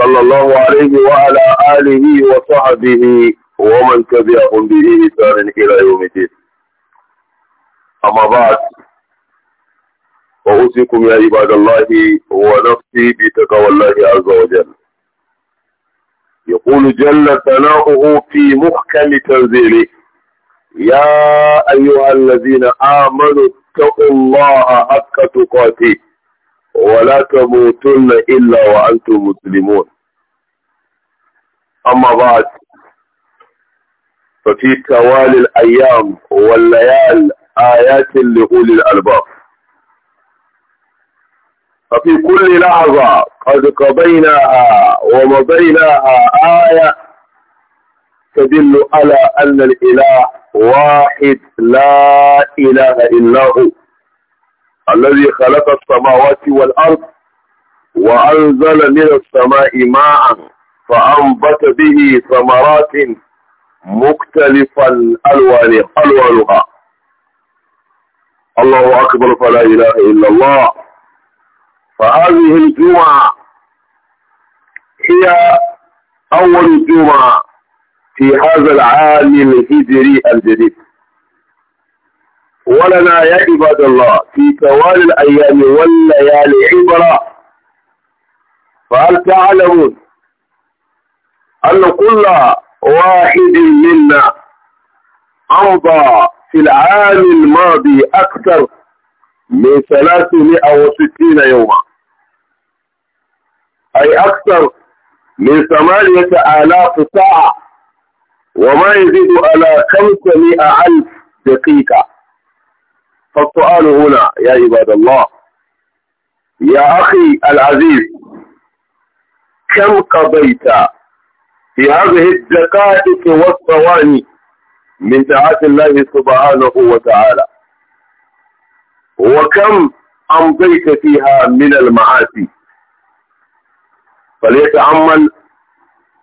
صلى الله عليه وعلى آله وصحبه ومن تبعهم بإحسان إلى يوم الدين أما بعد فأوصيكم يا عباد الله ونفسي بتقوى الله عز وجل يقول جل ثناؤه في محكم تنزيله يا أيها الذين آمنوا اتقوا الله حق تقاته ولا تموتن إلا وأنتم مسلمون أما بعد ففي توالي الأيام والليال آيات لأولي الألباب ففي كل لحظة قد قضيناها ومضيناها آية تدل على أن الإله واحد لا إله إلا هو الذي خلق السماوات والأرض وأنزل من السماء ماء فأنبت به ثمرات مختلفا ألوانها الله أكبر فلا إله إلا الله فهذه الجمعة هي أول جمعة في هذا العام الهجري الجديد ولنا يا عباد الله في طوال الأيام والليالي عبرة فهل تعلمون أن كل واحد منا أمضى في العام الماضي أكثر من 360 يوما أي أكثر من 8000 ساعة وما يزيد على 500 ألف دقيقة فالسؤال هنا يا عباد الله يا أخي العزيز كم قضيت في هذه الدقائق والثواني من ساعات الله سبحانه وتعالى وكم أمضيت فيها من المعاصي فليتعمل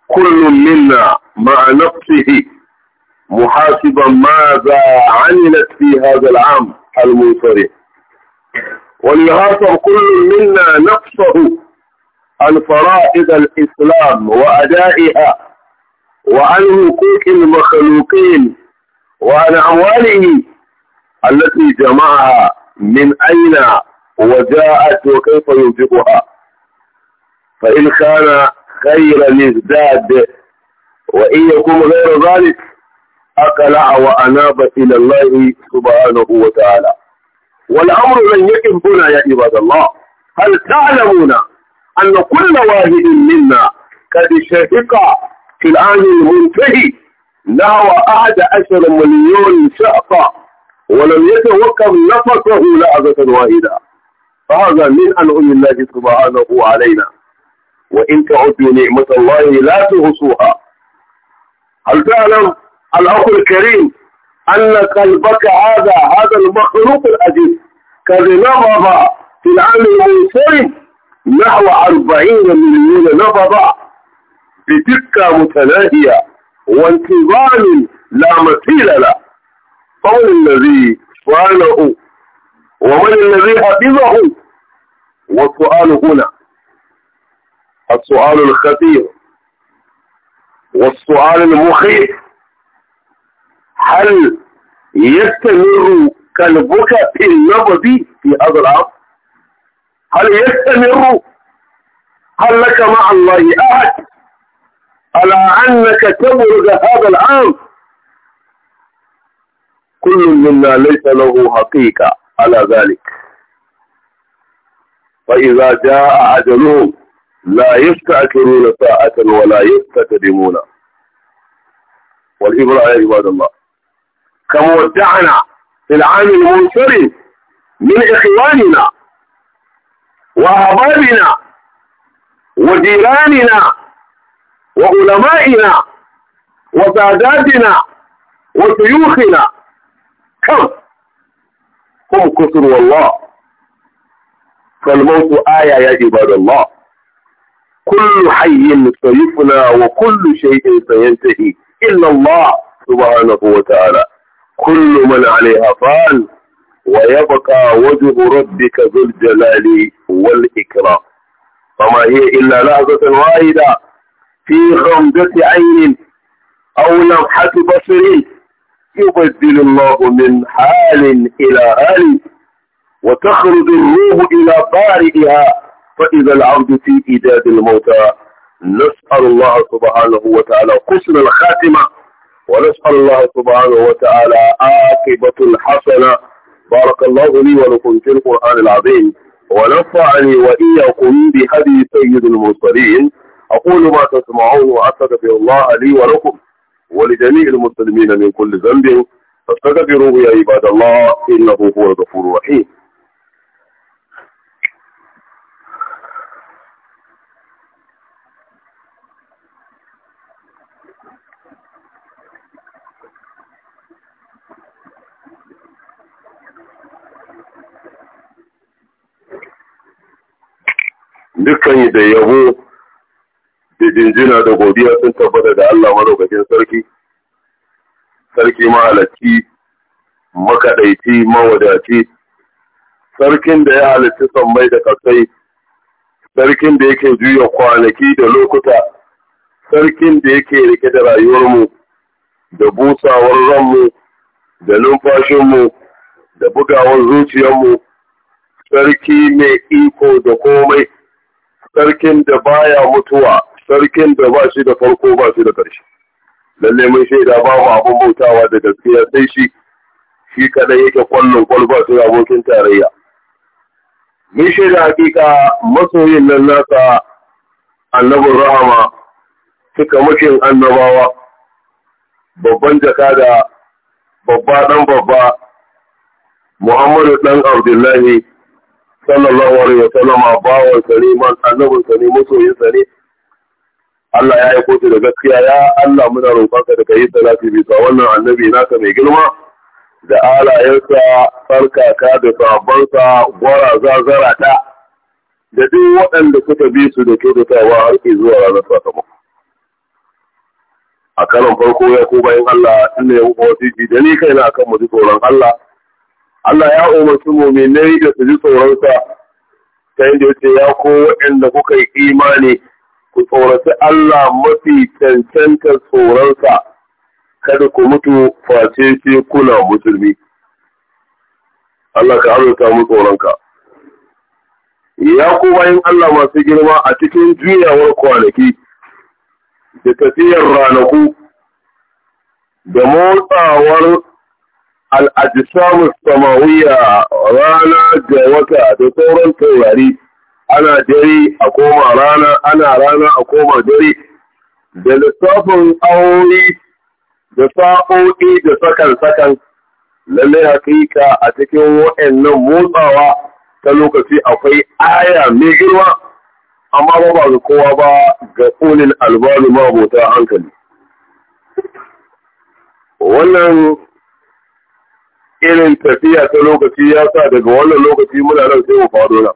كل منا مع نفسه محاسبا ماذا عملت في هذا العام المنصرف ولهذا كل منا نفسه عن فرائض الإسلام وأدائها وعن حقوق المخلوقين وعن أمواله التي جمعها من أين وجاءت وكيف ينفقها فإن كان خير الإزداد وإن يكون غير ذلك أكلع وأناب إلى الله سبحانه وتعالى والأمر لن يكن هنا يا عباد الله هل تعلمون أن كل واحد منا قد شهق في الآن المنتهي نحو أحد عشر مليون شعفة ولم يتوقف نفسه لعبة واحدة فهذا من أنعم الله سبحانه علينا وإن تعدوا نعمة الله لا تغصوها هل تعلم الأخ الكريم أن قلبك هذا هذا المخلوق الأجيب قد نبض في العام المنصرف نحو 40 مليون نبض بدقة متناهية وانتظام لا مثيل له قول الذي فعله ومن الذي حفظه والسؤال هنا السؤال الخطير والسؤال المخيف هل يستمر كلبك في النبض في هذا العصر هل يستمر هل لك مع الله أحد على أنك تبرز هذا العام كل منا ليس له حقيقة على ذلك فإذا جاء أجلهم لا يستأكلون ساعة ولا يستقدمون والإبراء يا عباد الله كما ودعنا في العام المنصرم من إخواننا وأبابنا وجيراننا وعلمائنا وساداتنا وشيوخنا كم هم كثر والله فالموت آية يا عباد الله كل حي سيفنى وكل شيء سينتهي إلا الله سبحانه وتعالى كل من عليها فان ويبقى وجه ربك ذو الجلال والإكرام فما هي إلا لحظة واحدة في غمضة عين أو لمحة بصر يبدل الله من حال إلى حال وتخرج الروح إلى طارئها فإذا العبد في إيجاد الموتى نسأل الله سبحانه وتعالى حسن الخاتمة ونسأل الله سبحانه وتعالى عاقبة الحسنة بارك الله لي ولكم في القرآن العظيم ونفعني وإياكم بهدي سيد المرسلين أقول ما تسمعون وأستغفر الله لي ولكم ولجميع المسلمين من كل ذنب فاستغفروه يا عباد الله إنه هو الغفور الرحيم dukkan da yabo da jinjina da godiya sun tabbata da Allah madaukakin sarki sarki mahalarci makaɗaici mawadaci sarkin da ya halarci mai da kasai sarkin da yake juya kwanaki da lokuta sarkin da yake rike da rayuwarmu da busawar ranmu da numfashinmu da bugawar zuciyarmu sarki mai iko da komai sarkin da baya mutuwa sarkin da ba shi da farko ba shi da ƙarshe lalle mun shaida ba mu abin bautawa da gaskiya sai shi shi kadai yake kwallon kwalba sai abokin tarayya mun shaida hakika masoyin nan nasa annabin rahama suka mukin annabawa babban jakada babba dan babba Muhammadu dan Abdullahi sallallahu alaihi wa sallama bawan sare man annabin ne masoyin ne. Allah ya aiko shi da gaskiya ya Allah muna roƙonka da kai salati bisa wannan annabi naka mai girma da alayensa ka da sabansa gwara zazara ta. da duk waɗanda suka bi su da kyautatawa har ke zuwa ranar sakamako a karon farko ya ko bayan Allah ya yin kowace da ni kaina akan mu ji tsoron Allah Allah ya umarci muminai da su ji tsoronsa ta yadda yace ya ko waɗanda kuka yi imani ku tsoraci Allah mafi cancanta tsoronsa kada ku mutu face ce kuna musulmi Allah ka arzuta mu tsoronka ya ku bayan Allah masu girma a cikin juyawar kwanaki da tafiyar ranaku da motsawar al'ajisamus samawiya rana da wata da sauran taurari ana dare a koma rana ana rana a koma dare da lissafin aure da sa'o'i da sakan-sakan lallai hakika a cikin wa'annan motsawa ta lokaci akwai aya mai girma amma ba ba ga kowa ba ga kunin albalu mabota hankali wannan irin tafiya ta lokaci ya sa daga wannan lokaci muna nan sai mu faɗo nan.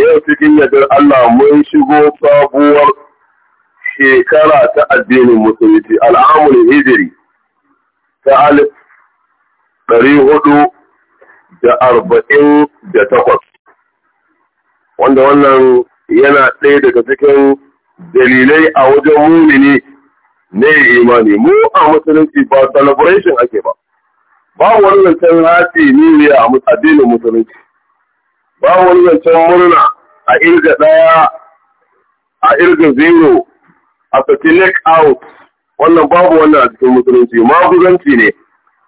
Yau cikin yadda Allah mun shigo sabuwar shekara ta addinin musulunci al'amul hijiri ta alif ɗari hudu da arba'in da takwas. Wanda wannan yana ɗaya daga cikin dalilai a wajen mumini ne imani mu a musulunci ba celebration ake ba. ba wani zancen hafi ne a addinin musulunci ba wani zancen murna a irga ɗaya a irga zero a saki leg out wannan babu wannan a cikin musulunci guzanci ne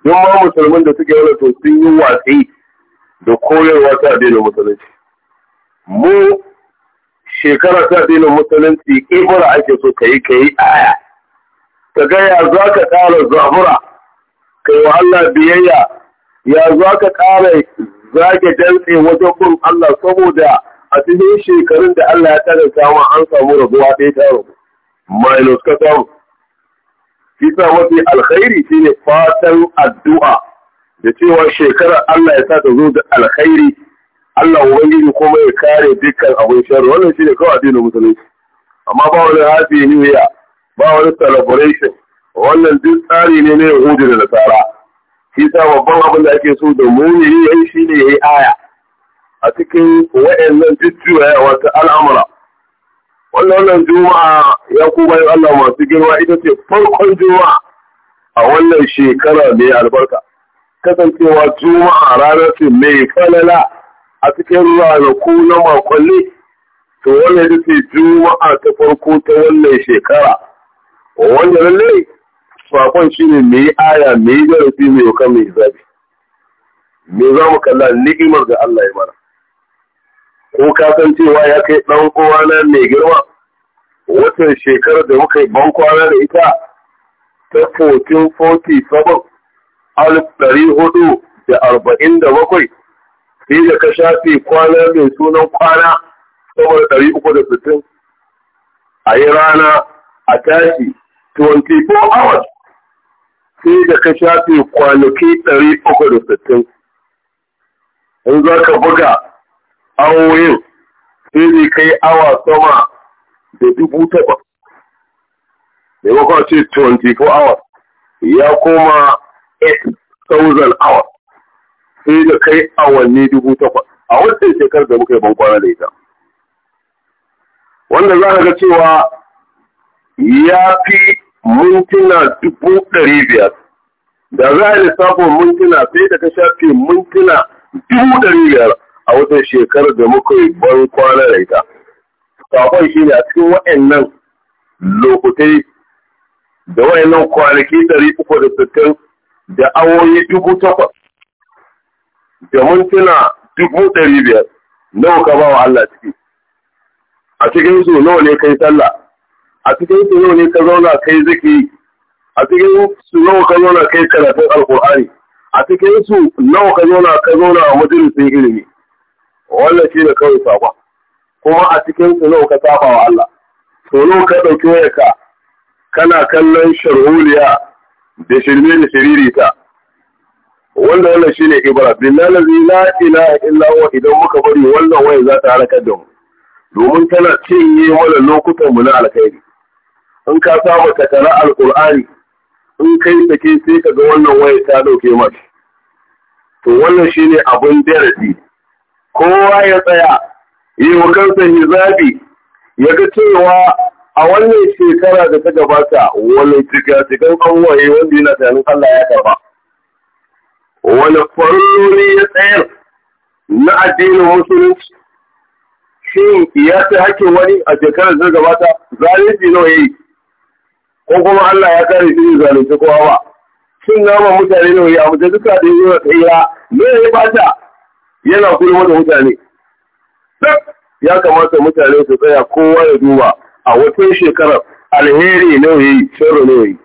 don ma musulmin da suke yana to sun yi watsi da koyarwa ta addinin musulunci mu shekara ta addinin musulunci ibra ake so ka yi ka yi aya ka gaya za ka ƙara zabura kai wa Allah biyayya ya za ka ƙara zage dantse wajen bin Allah saboda a cikin shekarun da Allah ya tare samun an samu rabuwa ɗaya ta rabu minus ka samu kisa mafi alkhairi shine fatan addu'a da cewa shekarar Allah ya sa ta zo da alkhairi Allah ubangiji kuma ya kare dukkan abin sharri wannan shi ne kawai addinin musulunci amma ba wani happy new year ba wani celebration wannan duk tsari ne na yahudu da Nasara shi sa babban abin da ake so da mumini yayi ya yayi aya a cikin wa'annan ya wata al'amura wannan wannan juma'a ya kuma yi Allah masu girma ita ce farkon juma'a a wannan shekara ne albarka kasancewa juma'a ranar ce mai falala a cikin ranaku na makonni to wannan ita ce juma'a ta farko ta wannan shekara Wannan lallai sakon shi ne mai aya mai darasi mai yau mai zabi me za mu kalla ni'imar da Allah ya mana ko ka san cewa ya kai ɗan uwana mai girma watan shekarar da muka yi ban kwana da ita ta 1447 alif ɗari hudu da arba'in da bakwai sai da ka shafe kwana mai sunan kwana saboda ɗari uku da sittin a yi rana a tashi 24 hours sai da ka shafe kwanaki ɗari uku da sittin in za ka buga awoyin sai ne kai awa sama da dubu da maimakon ce 24 hours ya koma 8,000 hours sai da kai awanni dubu takwas a wancan shekar da muka yi kwana da ita wanda za ka ga cewa ya fi mintuna dubu ɗari biyar da za a lissafin mintuna sai da ka shafe mintuna dubu ɗari biyar a wata shekarar da muka yi ban kwana da ita. Sakon shi ne a cikin wa'annan lokutai da wa'annan kwanaki ɗari uku da sittin da awoyi dubu takwas da mintuna dubu ɗari biyar nawa ka ba wa Allah ciki. A cikin su nawa ne kai sallah a cikin su yau ne ka zauna kai zikiri a cikin su nawa ka zauna kai karatun alkur'ani a cikin su nawa ka zauna ka zauna a majalisin ilimi wannan shi da kawai saba kuma a cikin su nawa ka saba wa Allah to nawa ka ɗauki wayarka kana kallon sharhuliya da shirme da shiririta wanda wannan shine ibra billahi la ilaha illa huwa idan muka bari wannan waya za ta halakar da mu domin tana cinye mana lokutan mu na alkhairi in ka saba ka tara alkur'ani in kai sake sai ka ga wannan waya ta dauke mata to wannan ne abin darasi kowa ya tsaya yi wa kansa hizabi ya ga cewa a wannan shekara da ta gabata wani cikin kanwaye wanda yana tunanin Allah ya karba wani farnoni ya tsayar na addinin musulunci shi ya ta hakkin wani a shekarar da ta gabata zalunci nawa ko kuma Allah ya kare shi zalunci kowa ba shin naman mutane ne ya mutu duka da yawa tsaya me ya bata yana kulma da mutane duk ya kamata mutane su tsaya kowa ya duba a wata shekarar alheri ne yayi shiru ne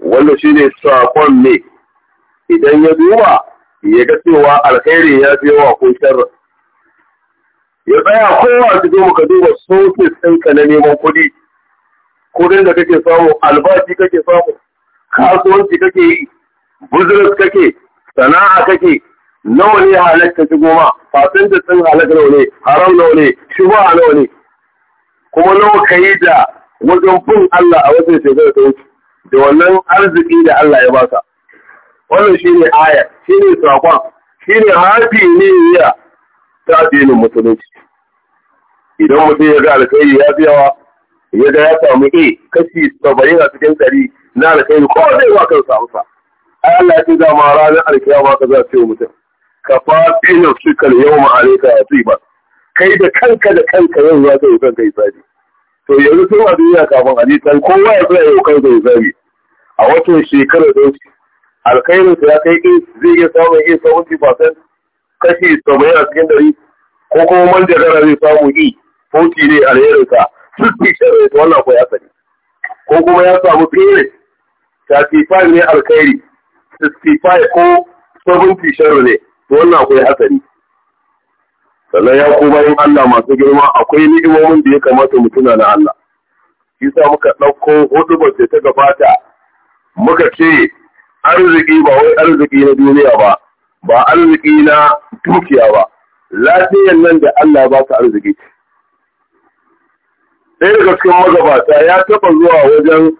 wanda shine sakon ne idan ya duba ya ga cewa alheri ya fi yawa ko shiru ya tsaya kowa su zo muka duba sosai ɗinka na neman kuɗi kudin da kake samu albashi kake samu kasuwanci kake yi business kake sana'a kake nawa ne halatta goma ma fasinja sun halatta nawa ne haram nawa ne shuba nawa ne kuma nawa ka da wajen bin Allah a wajen shekarar ta wuce da wannan arziki da Allah ya baka wannan shine aya shine sakon shine hafi ne ya ta dinin musulunci idan mutum ya ga alkhairi ya fi yawa ya ga ya samu A kashi saba'in a cikin ɗari na alkhairi ko zai wa kansa hausa. Allah ya ce dama ranar alkiyama ka za ce wa mutum. Ka fa fi nafsikal yau ma'alaika a tsiba. Kai da kanka da kanka yau ya zai kanka yi zabi To yanzu sun a duniya kafin a hadisan kowa ya zai yau kanka yi tsari. A watan shekarar da wuce alkhairinsa ya kai A zai iya samun A seventy fasan kashi saba'in a cikin ɗari ko kuma manjagara zai samu E forty ne alherinsa. 50 sharri wannan ko ya sani ko kuma ya samu period 35 ne alkhairi 65 ko 70 sharri ne wannan ko ya sani sannan ya ko bayan Allah masu girma akwai ni'imomin da ya kamata mu tuna na Allah shi sa muka ɗauko hudubar da ta gabata muka ce arziki ba wai arziki na duniya ba ba arziki na dukiya ba lafiyan nan da Allah ba ka arziki ɗaya daga cikin magabata ya taɓa zuwa wajen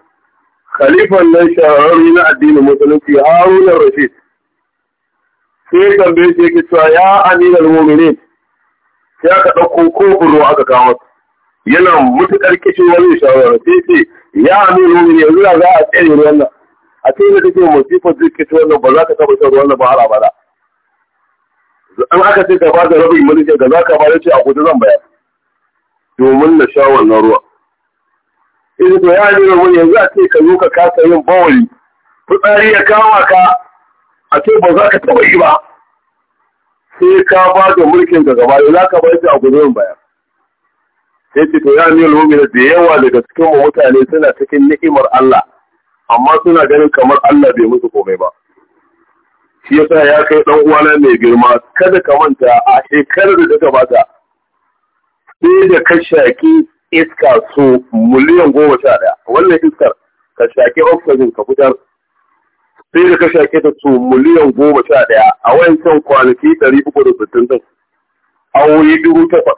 khalifan nan shahararri na addinin musulunci haruna rashid sai ya tambaye shi yake cewa ya aminar mu'minin sai aka ɗauko kofuro aka kawo yana mutuƙar kishin wani shawarar. sai ce ya aminar mu'minin yanzu da za a tsaye ruwan nan a cikin da take masifar zai kishi wannan ba za ka taɓa shan ruwan nan ba har abada an aka ce ka ba da rabin mulki ga za ka ba da ce a kudu zan bayar domin na sha wannan ruwa in ko ya ne wani yanzu a ce ka zo ka kasa yin bawali fitsari ya kama ka a ce ba za ka taɓa yi ba sai ka ba da mulkin ka gaba za ka bar shi a gudun baya sai ce to ya ne wani da yawa daga cikin mutane suna cikin ni'imar Allah amma suna ganin kamar Allah bai musu komai ba shi yasa ya kai ɗan uwana mai girma kada ka manta a shekarar da ta gabata sai da ka shaƙi iska so miliyan goma sha ɗaya wannan iskar ka shaƙi oxygen ka fitar sai da ka shaki ta so miliyan goma sha ɗaya a wancan kwanaki ɗari uku da sittin ɗin awoyi dubu takwas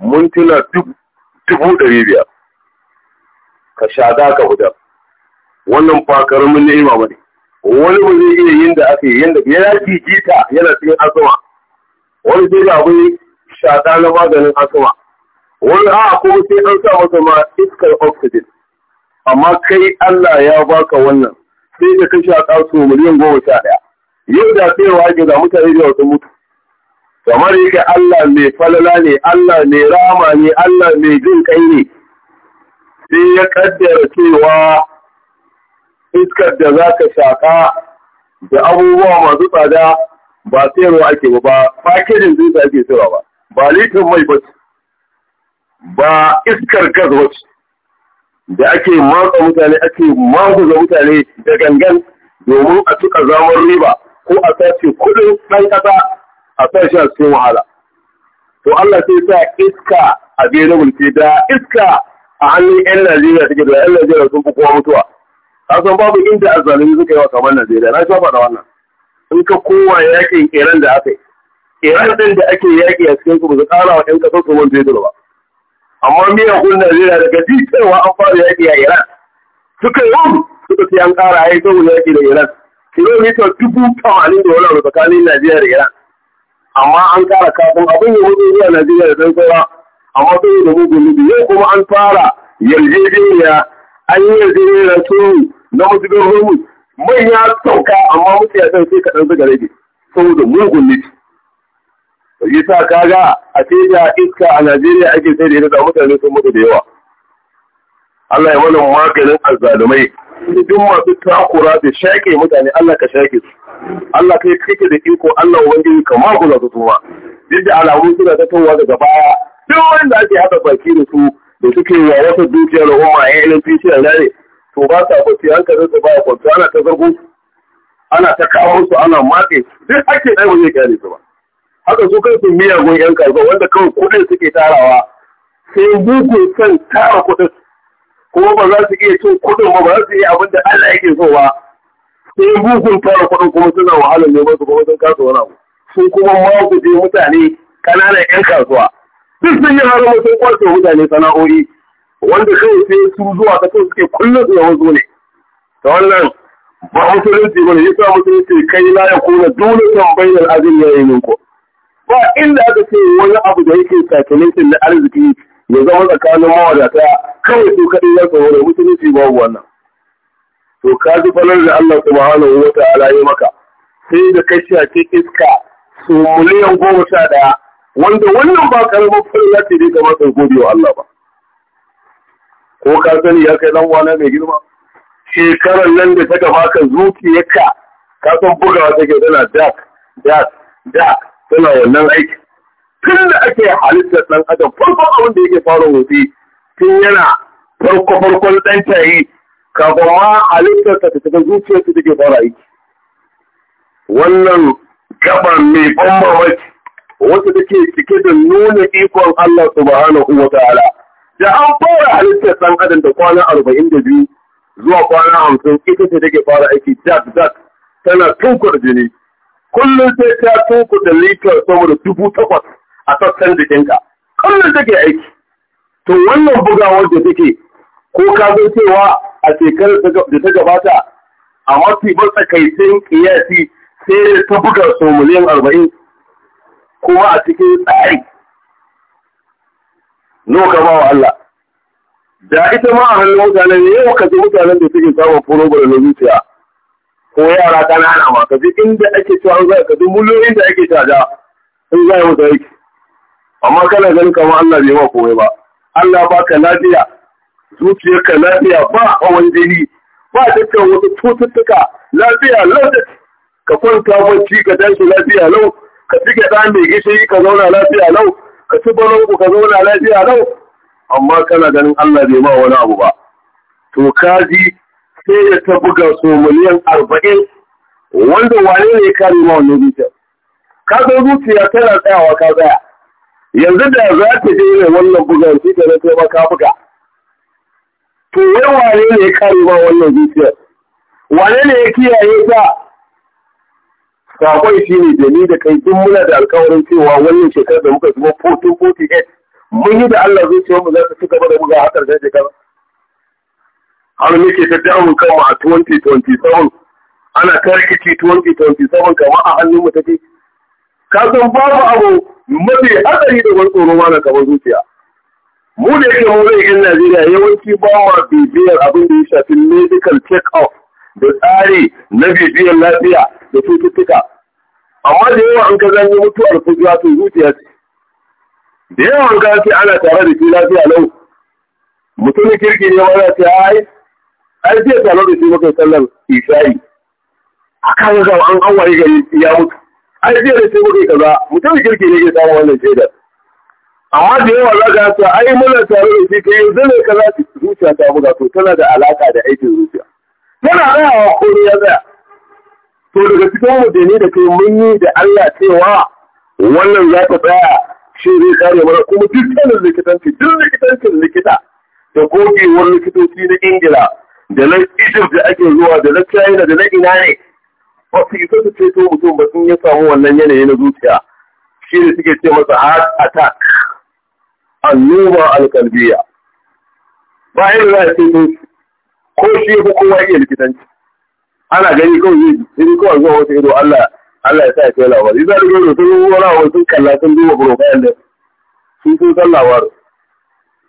mintuna dubu ɗari biyar ka shaƙa ka fitar wannan ba karamin ni'ima ba ne wani ba zai iya yin da aka yi da ya jijita yana cikin asama wani sai da abin shaƙa na maganin asma wani a kuma sai an sa masa ma iskar oxygen amma kai Allah ya baka wannan sai da ka shaƙa su miliyan goma sha ɗaya yau da sai wa ga mutane da wasu mutu kamar yake Allah mai falala ne, Allah mai rama ne, Allah mai jin kai ne, sai ya kaddara cewa iskar da za ka shaƙa da abubuwa masu tsada ba sayarwa ake ba, ba fakirin zai ake sayarwa ba. ba litin mai ba ba iskar gas ba da ake matsa mutane ake maguza mutane da gangan domin a tuka zamar riba ko a sace kudin ɗan ƙasa a sa shi a cikin wahala to Allah sai sa iska a available da iska a hannun 'yan Najeriya take da 'yan Najeriya sun fi kowa mutuwa san babu inda azzalumi suka yi wa kamar Najeriya na shafa da wannan in ka kowa yakin Iran da aka iran din da ake yaƙi a cikin su ba ƙara wa ɗan ƙasar su man fetur ba amma miyan kun najeriya daga ji cewa an fara yaƙi a iran suka yi suka ce an ƙara a yi saboda yaƙi da iran kilomita dubu tamanin da wani abu tsakanin najeriya da iran amma an ƙara kafin abin ya mutu zuwa najeriya da saura amma mugun nufi yau kuma an fara yarjejeniya an yarjejeniya na mutu don manya sauka amma mutu ya sai kaɗan rage saboda mugun yasa kaga a ce iska a Najeriya ake sai da ita da mutane sun mutu da yawa Allah ya mana maganin azzalumai duk masu takura da shaƙe mutane Allah ka shaƙe su Allah kai kake da iko Allah ubangiji ka magula su tuma duk da alamun suna ta tawa daga baya duk wanda ake haɗa baki da su da suke yi wata dukiyar umma a ilin fishiyar ne to ba sa bacci hankalin su ba a kwanta ana ta zargo ana ta kawo su ana matse duk ake ɗaya wani zai kyale su ba haka su miya miyagun yan kasuwa wanda kawai kuɗin suke tarawa sai buku son tara kuɗin kuma ba za su iya cin kuɗin ba ba za su iya abin da Allah yake so ba sai buku tara kuɗin kuma suna wahalar neman su kuma sun kasuwa na su sun kuma je mutane ƙananan yan kasuwa duk sun yi haramun sun kwace mutane sana'o'i wanda kawai sai su zuwa kaso suke kullum su yawan zo ne ta wannan ba musulunci ba ne yasa musulunci kai na ya kuna dole tambayar azin yayin ku ba inda aka ce wani abu da yake calculation na arziki ya zama tsakanin mawadata kawai su kaɗai ya tsoro da musulunci babu wannan to ka ji falar da Allah subhanahu wa wata ya maka sai da a ke iska su miliyan goma sha ɗaya wanda wannan ba karamar farin ce dai kamar sun gode wa Allah ba ko ka sani ya kai dan uwana mai girma shekarar nan da ta gaba ka zuciyarka ka san bugawa take tana dak dak dak suna wannan aiki tun da ake halittar ɗan adam farko abin da yake fara motsi tun yana farko farkon ɗan tayi kafin ma halittar ta tafi zuciyar ta take fara aiki wannan gaba mai ban mamaki da take cike da nuna ikon Allah subhanahu wa ta'ala da an fara halittar ɗan adam da kwana arba'in da biyu zuwa kwana hamsin ita ce take fara aiki dat dat tana tunkar jini kullum sai ta tuku da litar saboda dubu takwas a sassan jikinka kullum take aiki to wannan bugawar da take ko ka zo cewa a shekarar da ta gabata a mafi matsakaicin kiyasi sai ta buga sau miliyan arba'in kuma a cikin tsari N'o ka ba wa Allah da ita ma a hannun mutanen yau ka ji mutanen da suke samun furo da zuciya ko yara kanana ma ka inda ake cewa an zai ka duk mulolin da ake caja sun zai musu aiki amma kana ganin kamar Allah bai ma komai ba Allah ba ka lafiya zuciyar ka lafiya ba hawan jini ba dukkan wasu cututtuka lafiya lau ka kwanta bacci ka tashi lafiya lau ka ci gyaɗa mai gishiri ka zauna lafiya lau ka ci balonku ka zauna lafiya lau amma kana ganin Allah bai ma wani abu ba to ka ji sai da ta buga so miliyan arba'in wanda wane ne kari ma wani rita. ka zo zuciya tana tsayawa ka tsaya yanzu da za ta je ne wannan bugan shi da sai ma ka buga to wai wane ne kari ma wannan zuciya wane ne ya kiyaye ta sakon shi ne da ni da kai duk muna da alkawarin cewa wannan shekarar da muka zuwa 1448 mun yi da Allah zuciyarmu za ta ci gaba da buga a ƙarshen shekara har nake ta damun kanmu a 2027 ana ta rikici 2027 kama a hannun mu take ka san babu abu mafi hadari da wani tsoro mana kamar zuciya mu da yake mu zai yan Najeriya yawanci ba ma bibiyar abin da ya shafi medical check up da tsari na bibiyar lafiya da cututtuka amma da yawa an ka yi mutuwar fujiya to zuciya ce da yawa an ka ce ana tare da shi lafiya lau mutumin kirki ne wanda ce ai ai zai tare da shi muka sallar isha'i a kan zama an hawaye gari ya mutu ai zai da shi muka kaza mutum kirki ne ke samu wannan shaidar amma da yawa za ka sa ai muna tare da shi kai yanzu ne kaza zuciya ta buga to tana da alaka da aikin zuciya tana tsayawa ko ne ya tsaya to daga cikin mutane da kai mun yi da Allah cewa wannan za ta tsaya shi zai kare mana kuma duk tsanin likitanci duk likitancin likita da gogewar likitoci na Ingila da na Egypt da ake zuwa da na China da na ina ne ba su yi su ceto mutum ba sun ya samu wannan yanayi na zuciya shi ne suke ce masa heart attack annoba alkalbiya ba yin za a ceto ko shi fi kowa iya likitanci ana gani kawai yi in kawai zuwa wata ido Allah Allah ya sa ya kai labari za a rigo da sun wani sun kalla sun duba profile da sun sun san labarin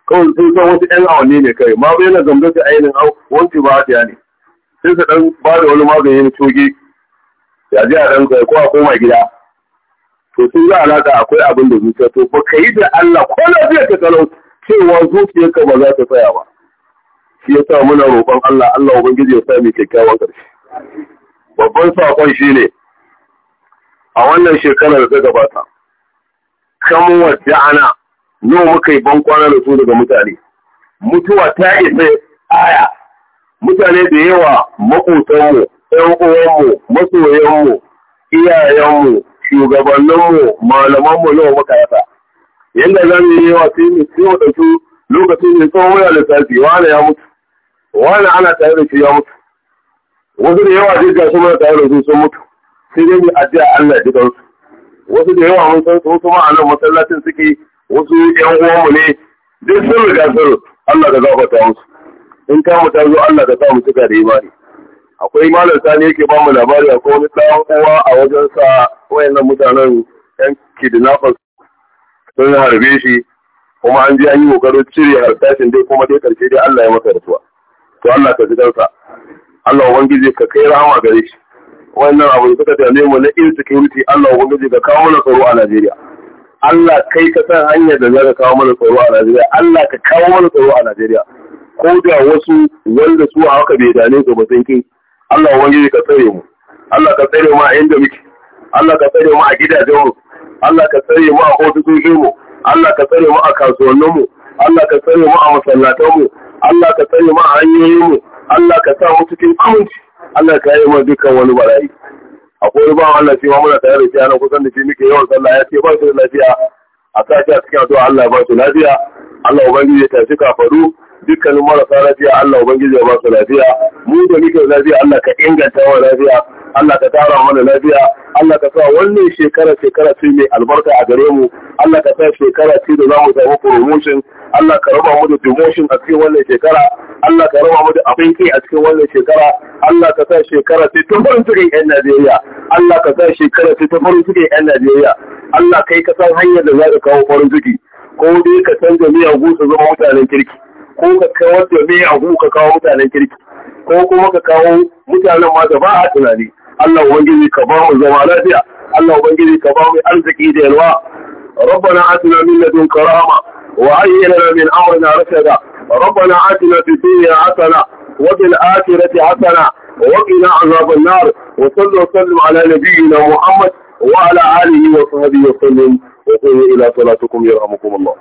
kawai sun san wasu ɗan awanni ne kai ma bai na gambar da ainihin hau ba ta ne sai su ɗan ba da wani magani na coge ya ji a ɗan kai ko a koma gida to sun za alaƙa akwai abin da zuciya to ba ka yi da Allah ko lafiya ka talau cewa zuciyarka ba za ta tsaya ba shi ya sa muna roƙon Allah Allah ubangiji ya sa mai kyakkyawan ƙarshe babban saƙon shi ne a wannan shekarar da ta gabata kan wadda ana yau muka yi ban kwana da su daga mutane mutuwa ta isa aya mutane da yawa maƙotanmu ‘yan uwanmu masoyanmu iyayenmu shugabanninmu malamanmu yau muka yasa yadda za mu yi yawa sai mu sai mu su lokacin da tsawon muna lissafi wani ya mutu wani ana tare da shi ya mutu wasu da yawa zai gasu mana tare da su sun mutu sai dai mu addu'a Allah ya ji wasu da yawa mun san su kuma a nan masallacin suke wasu yan uwanmu ne duk sun riga sun Allah ka gafarta musu in ka mu zo Allah ka sa mu cika da imani akwai malam sani yake ba mu labari akwai wani dan uwa a wajen sa wayannan mutanen yan kidnapper sun harbe shi kuma an je an yi kokarin cire harsashin dai kuma dai karshe dai Allah ya masa rasuwa to Allah ka ji dansa Allah ubangiji ka kai rahama gare shi wannan abu da suka dame mu na insecurity Allah ubangiji ka kawo mana tsaro a Najeriya Allah kai ka san hanyar da za ka kawo mana tsaro a Najeriya Allah ka kawo mana tsaro a Najeriya ko da wasu wanda su haka bai dane ka ba sai kai Allah wani ka tsare mu Allah ka tsare mu a inda muke Allah ka tsare mu a gidajen mu Allah ka tsare mu a ofisoshin mu Allah ka tsare mu a kasuwannin mu Allah ka tsare mu a masallatan mu Allah ka tsare mu a hanyoyin mu Allah ka sa mu cikin aminci Allah ka yi mana dukkan wani bala'i akwai ba Allah shi ma muna tare da shi ana kusan da shi muke yawan sallah ya ce ba shi da lafiya a sa a cikin addu'a Allah ya ba shi lafiya Allah ubangiji ya tashi kafaru dukkanin marasa lafiya Allah ubangiji ya ba su lafiya mu da muke lafiya Allah ka inganta wa lafiya Allah ka tara mana lafiya Allah ka sa wannan shekara shekara ce mai albarka a gare mu Allah ka sa shekara ce da za mu samu promotion Allah ka raba mu da promotion a cikin wannan shekara Allah ka raba mu da abin kai a cikin wannan shekara Allah ka sa shekara ce ta farin cikin 'yan Najeriya Allah ka sa shekara ce ta farin cikin 'yan Najeriya Allah kai ka san hanyar da za ka kawo farin ciki ko dai ka canza miya gusa zama mutanen kirki ko ka kawar da miyagu ka kawo mutanen kirki ko kuma ka kawo mutanen ma da ba a tunani Allah ubangiji ka ba mu zama lafiya Allah ubangiji ka ba mu arziki da yalwa ربنا آتنا من لدنك رحمة وهيئ لنا من أمرنا رشدا ربنا آتنا في الدنيا حسنة وفي الآخرة حسنة وقنا عذاب النار وصلوا وسلم على نبينا محمد وعلى آله وصحبه وسلم وقوموا إلى صلاتكم يرحمكم الله